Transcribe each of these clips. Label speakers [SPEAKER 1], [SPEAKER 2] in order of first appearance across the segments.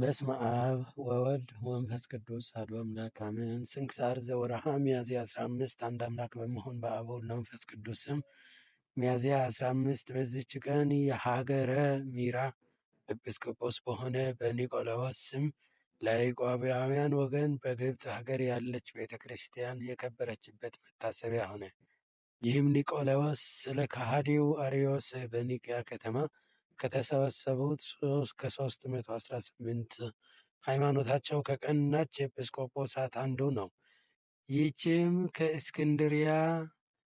[SPEAKER 1] በስመ አብ ወወልድ ወመንፈስ ቅዱስ አሐዱ አምላክ አሜን። ስንክሳር ዘወርኃ ሚያዝያ 15 አንድ አምላክ በመሆን በአብ ወወልድ ወመንፈስ ቅዱስ ስም ሚያዝያ 15 በዚች ቀን የሀገረ ሚራ ኤጲስቆጶስ በሆነ በኒቆላዎስ ስም ለኢቆባውያን ወገን በግብፅ ሀገር ያለች ቤተ ክርስቲያን የከበረችበት መታሰቢያ ሆነ። ይህም ኒቆላዎስ ስለ ከሃዲው አርዮስ በኒቅያ ከተማ ከተሰበሰቡት ከ መቶ አስራ ስምንት ሃይማኖታቸው ከቀናች ኤጲስቆጶሳት አንዱ ነው። ይህችም ከእስክንድሪያ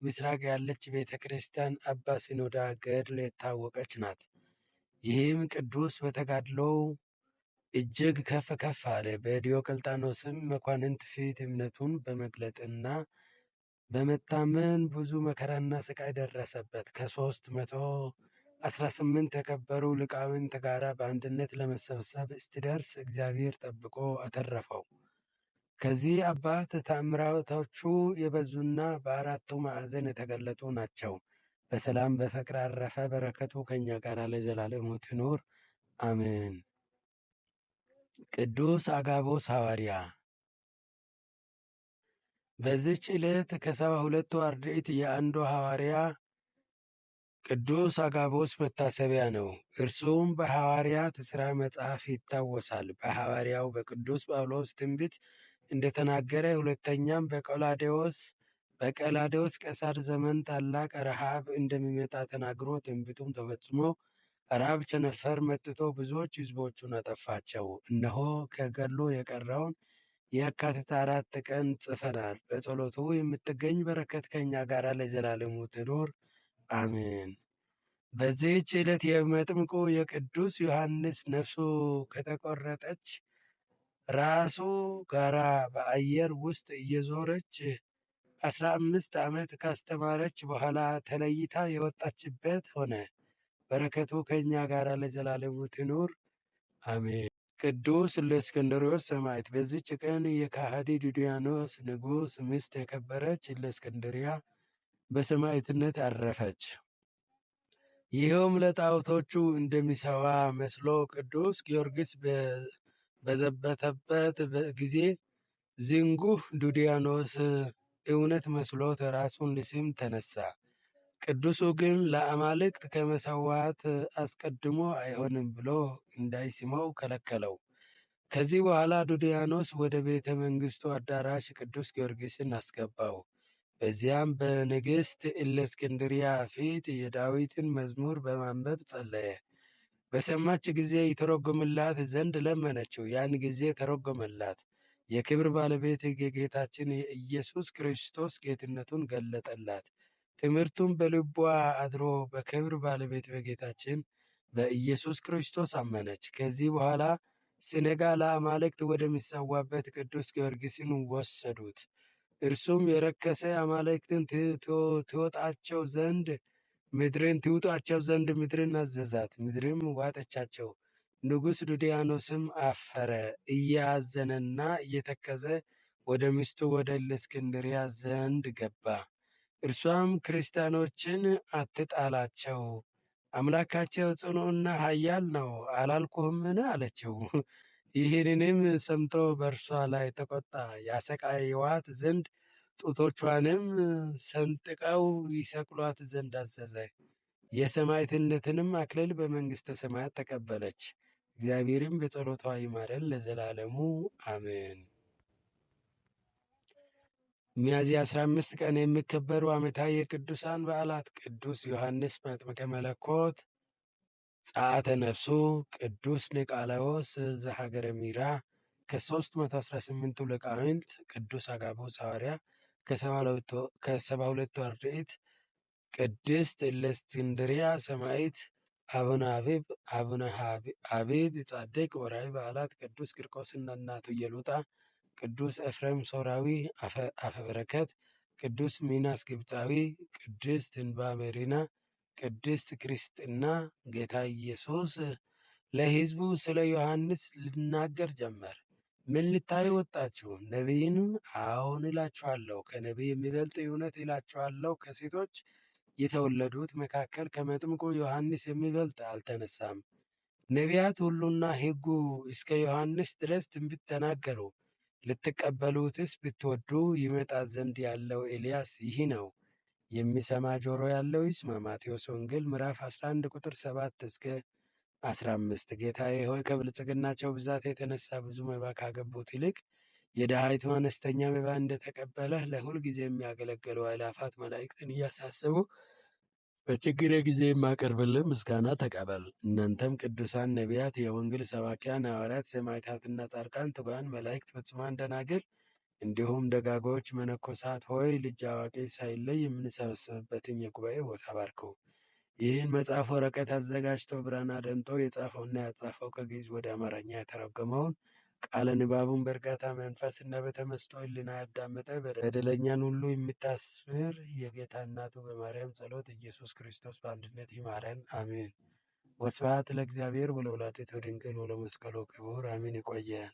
[SPEAKER 1] ምስራቅ ያለች ቤተ ክርስቲያን አባ ሲኖዳ ገድል የታወቀች ናት። ይህም ቅዱስ በተጋድሎው እጅግ ከፍ ከፍ አለ። በዲዮቅልጣኖስም መኳንንት ፊት እምነቱን በመግለጥና በመታመን ብዙ መከራና ስቃይ ደረሰበት። ከሶስት መቶ አስራ ስምንት የከበሩ ሊቃውንት ጋር በአንድነት ለመሰብሰብ ስትደርስ እግዚአብሔር ጠብቆ አተረፈው። ከዚህ አባት ተአምራቶቹ የበዙና በአራቱ ማዕዘን የተገለጡ ናቸው። በሰላም በፍቅር አረፈ። በረከቱ ከእኛ ጋር ለዘላለሙ ትኖር አሜን። ቅዱስ አጋቦስ ሐዋርያ። በዚች ዕለት ከሰባ ሁለቱ አርድእት የአንዱ ሐዋርያ ቅዱስ አጋቦስ መታሰቢያ ነው። እርሱም በሐዋርያት ሥራ መጽሐፍ ይታወሳል። በሐዋርያው በቅዱስ ጳውሎስ ትንቢት እንደተናገረ፣ ሁለተኛም በቀላዴዎስ በቀላዴዎስ ቄሳር ዘመን ታላቅ ረሃብ እንደሚመጣ ተናግሮ ትንቢቱም ተፈጽሞ ረሃብ ቸነፈር መጥቶ ብዙዎች ሕዝቦቹን አጠፋቸው። እነሆ ከገድሉ የቀረውን የካቲት አራት ቀን ጽፈናል። በጸሎቱ የምትገኝ በረከት ከእኛ ጋር ለዘላለሙ ትኑር አሜን። በዚህች ዕለት የመጥምቁ የቅዱስ ዮሐንስ ነፍሱ ከተቆረጠች ራሱ ጋራ በአየር ውስጥ እየዞረች አስራ አምስት ዓመት ካስተማረች በኋላ ተለይታ የወጣችበት ሆነ። በረከቱ ከእኛ ጋር ለዘላለሙ ትኑር አሜን። ቅዱስ እለእስክንድሮስ ሰማዕት። በዚች ቀን የካህዲ ዱድያኖስ ንጉሥ ሚስት የከበረች እለእስክንድርያ በሰማዕትነት አረፈች። ይኸውም ለጣዖቶቹ እንደሚሰዋ መስሎ ቅዱስ ጊዮርጊስ በዘበተበት ጊዜ ዝንጉህ ዱዲያኖስ እውነት መስሎት ራሱን ሊስም ተነሳ። ቅዱሱ ግን ለአማልክት ከመሰዋት አስቀድሞ አይሆንም ብሎ እንዳይስመው ከለከለው። ከዚህ በኋላ ዱዲያኖስ ወደ ቤተ መንግስቱ አዳራሽ ቅዱስ ጊዮርጊስን አስገባው። በዚያም በንግሥት እለእስክንድርያ ፊት የዳዊትን መዝሙር በማንበብ ጸለየ። በሰማች ጊዜ ይተረጎምላት ዘንድ ለመነችው። ያን ጊዜ ተረጎመላት። የክብር ባለቤት የጌታችን የኢየሱስ ክርስቶስ ጌትነቱን ገለጠላት። ትምህርቱን በልቧ አድሮ በክብር ባለቤት በጌታችን በኢየሱስ ክርስቶስ አመነች። ከዚህ በኋላ ስነጋ ለአማልክት ወደሚሰዋበት ቅዱስ ጊዮርጊስን ወሰዱት። እርሱም የረከሰ አማልክትን ትወጣቸው ዘንድ ምድርን ትውጣቸው ዘንድ ምድርን አዘዛት። ምድርም ዋጠቻቸው። ንጉሥ ዱዲያኖስም አፈረ፣ እያዘነና እየተከዘ ወደ ሚስቱ ወደ እልእስክንድርያ ዘንድ ገባ። እርሷም ክርስቲያኖችን አትጣላቸው፣ አምላካቸው ጽኑዕና ኃያል ነው አላልኩህምን? አለችው። ይህንንም ሰምቶ በእርሷ ላይ ተቆጣ፣ ያሰቃይዋት ዘንድ ጡቶቿንም ሰንጥቀው ይሰቅሏት ዘንድ አዘዘ። የሰማዕትነትንም አክሊል በመንግሥተ ሰማያት ተቀበለች። እግዚአብሔርም በጸሎቷ ይማረን ለዘላለሙ አሜን። ሚያዝያ 15 ቀን የሚከበሩ ዓመታዊ የቅዱሳን በዓላት፦ ቅዱስ ዮሐንስ መጥምቀ መለኮት ጸአተ ነፍሱ ቅዱስ ኒቃላዎስ ዘሀገረ ሚራ ከ318ቱ ሊቃውንት ቅዱስ አጋቦስ ሐዋርያ ከሰባ 72 አርድእት ቅድስት እለእስክንድርያ ሰማዕት አቡነ አቢብ አቡነ አቢብ ጻድቅ። ወርኃዊ በዓላት ቅዱስ ቂርቆስና እናቱ ኢየሉጣ፣ ቅዱስ ኤፍሬም ሶርያዊ አፈበረከት! ቅዱስ ሚናስ ግብጻዊ፣ ቅድስት እንባ መሪና ቅድስት ክርስትና ጌታ ኢየሱስ ለሕዝቡ ስለ ዮሐንስ ልናገር ጀመር። ምን ልታዩ ወጣችሁ? ነቢይን? አዎን እላችኋለሁ፣ ከነቢይ የሚበልጥ እውነት እላችኋለሁ፣ ከሴቶች የተወለዱት መካከል ከመጥምቁ ዮሐንስ የሚበልጥ አልተነሳም። ነቢያት ሁሉና ሕጉ እስከ ዮሐንስ ድረስ ትንቢት ተናገሩ። ልትቀበሉትስ ብትወዱ ይመጣ ዘንድ ያለው ኤልያስ ይህ ነው የሚሰማ ጆሮ ያለው ይስማ። ማቴዎስ ወንጌል ምዕራፍ 11 ቁጥር 7 እስከ 15። ጌታዬ ሆይ ከብልጽግናቸው ብዛት የተነሳ ብዙ መባ ካገቡት ይልቅ የድሃይቱ አነስተኛ መባ እንደተቀበለህ ለሁል ጊዜ የሚያገለግሉ አእላፋት መላእክትን እያሳሰቡ በችግር ጊዜ የማቀርብልህ ምስጋና ተቀበል። እናንተም ቅዱሳን ነቢያት፣ የወንጌል ሰባኪያን ሐዋርያት፣ ሰማዕታትና ጻድቃን፣ ትጉሃን መላእክት፣ ፍጹማን ደናግል እንዲሁም ደጋጎች መነኮሳት ሆይ ልጅ አዋቂ ሳይለይ የምንሰበሰብበትን የጉባኤ ቦታ ባርከው ይህን መጽሐፍ ወረቀት አዘጋጅቶ ብራና ደምጦ የጻፈውና ያጻፈው ከግዕዝ ወደ አማርኛ የተረጎመውን ቃለ ንባቡን በእርጋታ እና በተመስጦ ሕሊና ያዳመጠ በደለኛን ሁሉ የምታስምር የጌታ እናቱ በማርያም ጸሎት ኢየሱስ ክርስቶስ በአንድነት ይማረን፣ አሜን። ወስብሐት ለእግዚአብሔር ወለወላዲቱ ድንግል ወለመስቀሉ ክቡር፣ አሜን። ይቆየን።